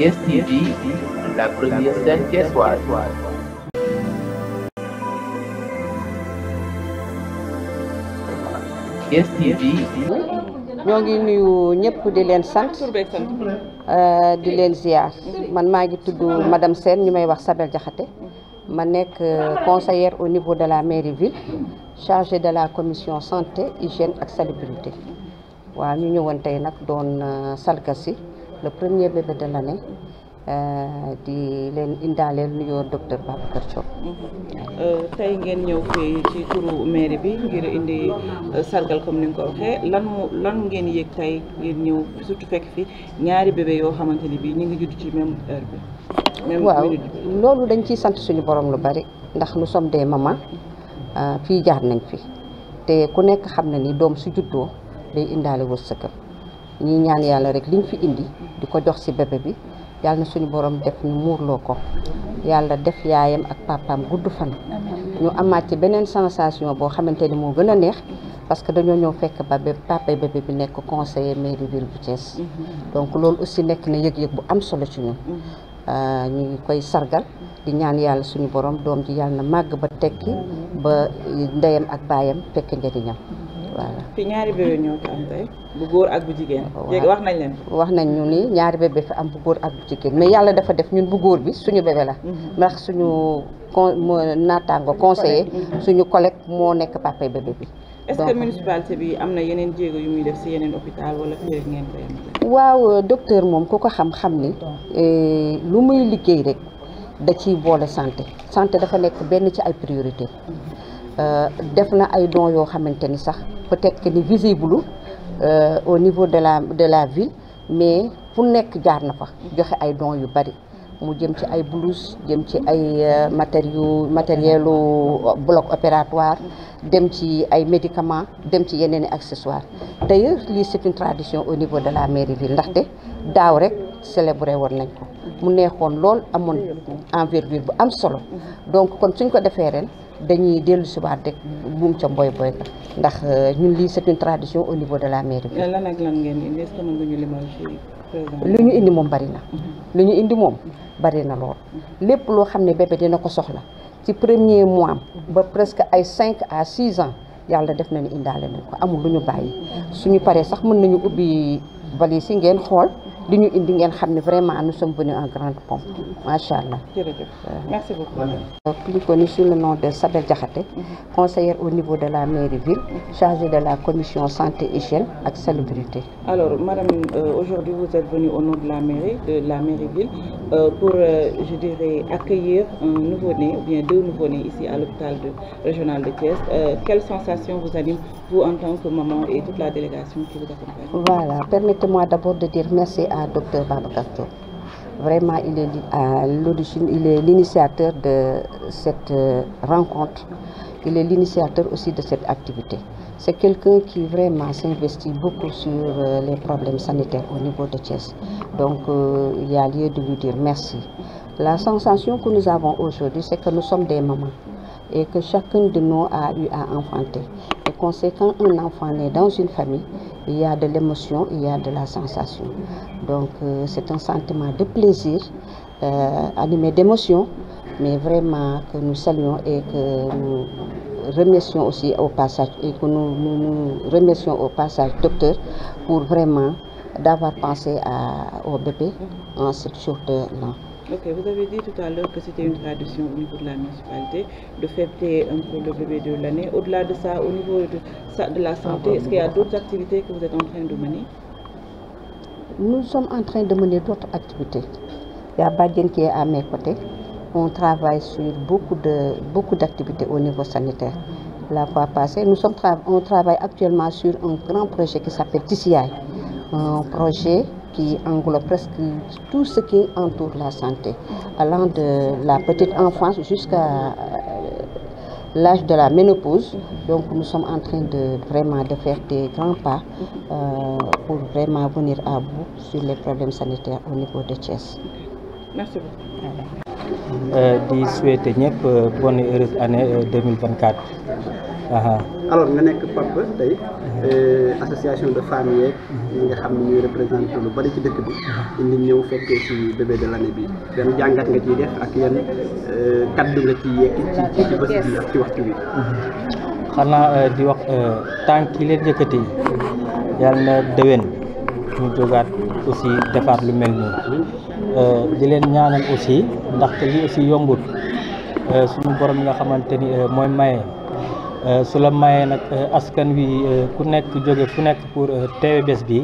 Yes TV, la première scène soir. est TV. ñoo ngi nuyu ñëpp di leen sant euh, di leen ziar man maa ngi tudd madame Sène ñu may wax Sabel Diakhaté ma nekk euh, conseillère au niveau de la mairie ville chargée de la commission santé hygiène ak salubrité waaw ñu ñëwoon tey nag doon euh, salkasi le premier bébé de l'année euh, di leen indaaleel nuyoo docteur Babacar Diop. Mm-hmm. Euh, tey ngeen ñëw fii ci turu mairie bi ngir indi euh, sargal comme ni ko waxee lan moo ngeen yëg tey ngeen ñëw surtout fekk fii ñaari bébé yoo xamante ni bii ñu ngi judd ci même heure bi. waaw loolu dañ ciy sant suñu borom lu bari ndax nous sommes des mamans fii jaar nañ fi te ku nekk xam na ni doom su juddoo day indaale wërsëgam. ñi ñaan yàlla rek liñ fi indi di ko jox ci bébé bi na suñu borom def ñu murloko ko def yaayam ak papam gudd fan ñu amaat ci beneen sensation bo xamante ni moo gën a neex parce que dañoo ñëw fekk ba papa bébé bi nekk conseiller mairie ville bu Thiès donc loolu aussi nekk na bu am solo ci ñun euh, ñu ngi koy sargal di ñaan suñu borom dom ji yàlla na mag ba tekki ba ndeyam ak baayam fekk njëriñam voilà fi ñaari bébé ñoo fi am tey bu góor ak bu jigéen. wax nañ leen wax nañ ñu ni ñaari bébé fi am bu góor ak bu jigéen mais yàlla dafa def ñun bu góor bi suñu bébé la. Mhm. ndax suñu con naataango conseiller. Mhm. suñu collègue moo nekk papay bébé bi. est-ce am na yeneen jéego yu muy def si yeneen hôpital wala waaw euh, docteur moom ku ko xam-xam ni euh, lu muy liggéey rek da ciy boole santé santé dafa nekk benn ci ay priorité mhm. euh, def na ay dons yoo xamante ni sax. peut-être que les visible euh, au niveau de la de la ville mais pour nek jaar na fa joxe ay dons yu bari mu jëm ci ay blouse jëm ci ay euh, matériaux bloc opératoire dem ci médicaments dem ci accessoires d'ailleurs c'est une tradition au niveau de la mairie ville ndaxte daw rek célébré woon nañ ko mu neexoon lool amoon envergure bu am solo donc kon suñ ko defee ren dañuy dellu siwaat rek buum ca mboy mboy ka ndax euh, ñun lii c'est une tradition au niveau de la mairie bi lan ak lan ngeen indi est ñu lu ñu indi moom bari na mhm. lu ñu indi moom bari na lool mhm. lépp loo xam ne bébé dina ko soxla ci premier mois mhm. ba presque ay cinq à six ans yàlla def na ni indaale nañ ko amul lu ñu bàyyi suñu paree sax mën nañu ubbi valise yi ngeen xool vraiment nous sommes venus en grande pompe merci beaucoup. Euh, plus connue sous le nom de Sabel mhm. conseillère au niveau de la mairie ville mhm. chargée de la commission santé et hygiène et salubrité. alors madame euh, aujourd'hui vous êtes venue au nom de la mairie de la mairie ville euh, pour je dirais accueillir un nouveau-né ou bien deux nouveaux-nés ici à l'hôpital régional de Thiès quelle sensation vous anime vous en tant que maman et toute la délégation qui vous accompagne. voilà permettez-moi d'abord de dire merci à Docteur Dr Babacar Vraiment, il est à l'origine, il est l'initiateur de cette euh, rencontre, il est l'initiateur aussi de cette activité. C'est quelqu'un qui vraiment s'investit beaucoup sur euh, les problèmes sanitaires au niveau de Thiès. Donc, euh, il y a lieu de lui dire merci. La sensation que nous avons aujourd'hui, c'est que nous sommes des mamans et que chacune de nous a eu à enfanter. Et conséquent, un enfant né dans une famille, il y a de l'émotion, il y a de la sensation. Donc euh, c'est un sentiment de plaisir, euh, animé d'émotion, mais vraiment que nous saluons et que nous remercions aussi au passage et que nous, nous, remercions au passage docteur pour vraiment d'avoir pensé au bébé en cette journée-là. Ok, vous avez dit tout à l'heure que c'était une tradition au niveau de la municipalité de fêter un peu le bébé de l'année. Au-delà de ça, au niveau de, la santé, est-ce qu'il y a d'autres activités que vous êtes en train de mener Nous sommes en train de mener d'autres activités. Il y a Badien qui est à mes côtés. On travaille sur beaucoup d'activités beaucoup au niveau sanitaire. La fois passée, nous sommes on travaille actuellement sur un grand projet qui s'appelle TCI un projet qui englobe presque tout ce qui entoure la santé, allant de la petite enfance jusqu'à euh, l'âge de la ménopause. Donc nous sommes en train de vraiment de faire des grands pas euh, pour vraiment venir à bout sur les problèmes sanitaires au niveau de Thiès. Merci beaucoup. Euh, bonne année 2024. alors nga nekk papa tey euh, association de femmes yeeg ñi nga xam ne ñuy représenté lu bari ci dëkk bi indi ñëw fekkee ci bébé de l'année bi yan jàngat nga ciy def ak yan euh, kaddu nga ciy yekki ci ci waxtu bi euh, di wax tànk yi leen yëkkati yàlla na déwén ñu jógaat aussi defaat lu mel noonu di leen ñaanal aussi ndaxte li aussi yombut suñu borom nga xamante ni mooy maye Euh, su la mayee nag euh, askan wi euh, ku nekk jóge fu nekk pour teewe bés bi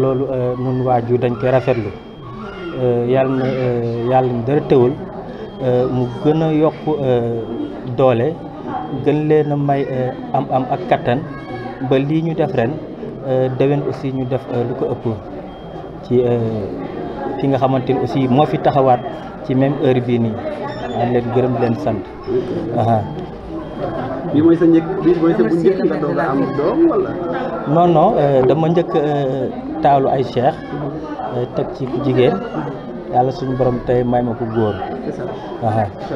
loolu nun waaju dañ koy rafetlu yàlla na yàlla na dara tëwal mu gën a yokk doole gën leen a may am am ak kattan ba lii ñu def ren déwén aussi ñu def lu ko ëpp ci ki nga xamante ne aussi moo fi taxawaat ci même heure bii nii am leen gërëm leen sant bi mooy sa njëkk bi njëkk a non non euh, dama njëkk euh, taalu ay cheikh euh, teg ci ku jigéen yàlla suñu borom tey may ma ko góor. c'est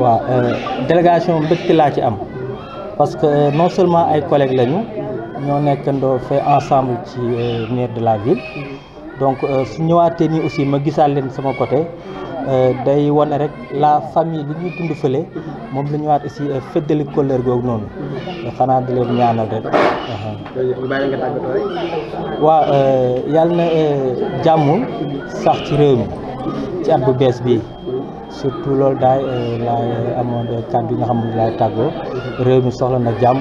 waaw délégation mbégte laa ci am parce que non seulement ay collègues lañu ñoo nekkandoo fait ensemble ci maire de la ville mm-hmm. donc su ñëwaatee nii aussi ma gisaal leen sama côté. Euh, day wane rek la famille bi ñuy dund fële moom lañu ñu waat si euh, feddali kóllëre googu noonu euh, xanaa di leen ñaanal rek. Uh-huh. waaw yàlla na jàmm sax ci réew mi ci at bu bees bii surtout loolu daay laay amoon kàddu yi nga xam ne laay tàggoo réew mi soxla na jàmm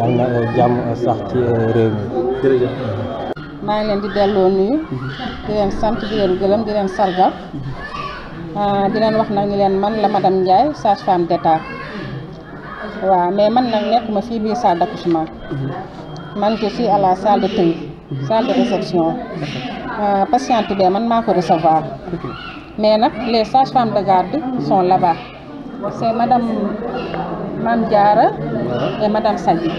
yàlla na jàmm sax ci réew mi. jërëjëf. Uh-huh. leen di delloo nuyu. Uh-huh. di leen sant di leen gërëm Ah, di leen wax na ni leen man la ma Ndiaye sage femme d'état waaw mais man nag nekkuma fii biir salle d'accouchement man je suis à la salle de tri salle de réception ah, patiente bi man maa ko recevoir mais nag les sages femmes de garde sont là-bas c'est Madame Mam Diara et Madame Sadi.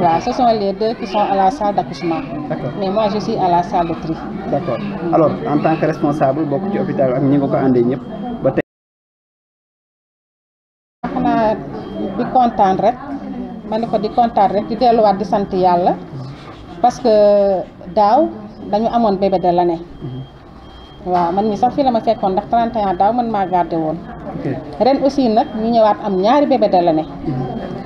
Voilà, ce sont les deux qui sont à la salle d'accouchement. Mais moi, je suis à la salle de tri. D'accord. Alors, en tant que responsable, beaucoup de hôpital, vous avez dit di kontaan rek ma ne ko di contente. rek di delluwaat di sant yàlla parce que daaw dañu amoon bébé de l'année mhm. waaw man mi de la ma fekkoon ndax 31 daaw man gardé ren aussi nag ñu ñëwaat am ñaari bébé da la ne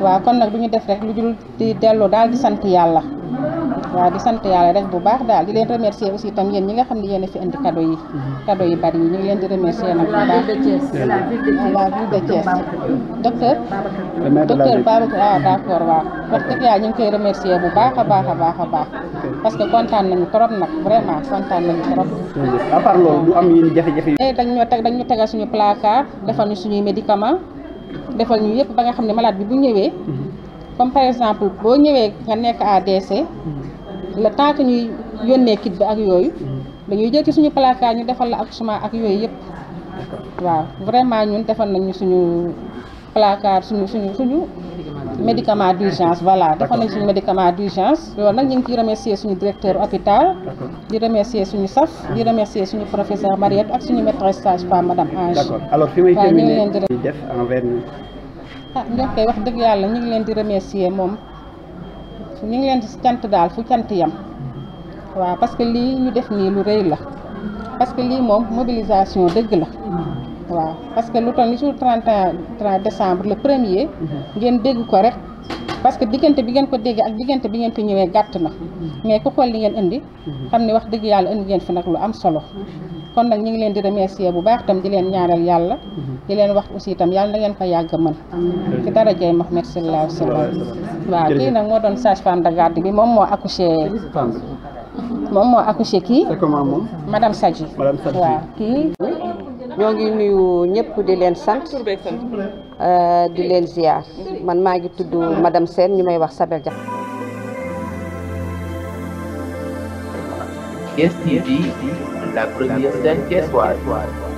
waaw kon nag du ñu def rek lu dul di delloo daal di sant yàlla waaw di sant yàlla rek bu baax daal di leen remercier aussi itam yéen ñi nga xam ne fi indi cadeau yi mhm. cadeau yu bari yi ñu di remercier nag la ville de Thiès docteur docteur Babacar waaw ah, d'accord waaw wax dëgg yàlla ñu ngi koy remercier bu baax a baax baax parce que kontaan nañu trop nag vraiment kontaan nañu trop à part du am eh, suñu placard defal ñu médicament defal ñu ba nga malade bi bu mhm. comme par exemple nga ADC le temps que ñuy yónnee kit bi ak yooyu dañuy jël ci suñu placard ñu defal la ak accouchement ak yooyu yëpp waaw vraiment ñun defal nañu suñu placard suñu suñu suñu médicament d'urgence voilà defal nañ suñu médicament d'urgence loolu nag ñu ngi ciy remercier suñu directeur hôpital di remercier suñu saf di remercier suñu professeur Mariette ak suñu maîtresse sage-femme madame Ange d'accord alors fi may terminer def envers ah ñoo wax dëgg yàlla ñu ngi leen di remercier moom ñu ngi leen di cant daal fu cant yam waaw parce que lii ñu def nii lu rëy la parce que lii moom mobilisation dëgg la waaw parce que lu toll ni jour 31 décembre le premier mhm. ngeen dégg ko rek parce que diggante bi ngeen ko déggee ak diggante bi ngeen ko ñëwee gàtt na mais ko xool li ngeen indi xam ne wax dëgg yàlla indi ngeen fi nag lu am solo kon nag ñu ngi leen di remercier bu baax tam di leen ñaanal yàlla di leen wax aussi itam yàlla na ngeen ko yàgg mën ci darajey Muhammad sallallahu alayhi wa sallam waaw kii nag moo doon sage-femme de garde bi moom moo accouché moom moo accouché kii madame Sadji waaw ñoo ngi nuyu ñëpp di leen sant euh, di leen ziar man maa ngi madame Sène ñu wax Sabel Dia. STV, la première chaîne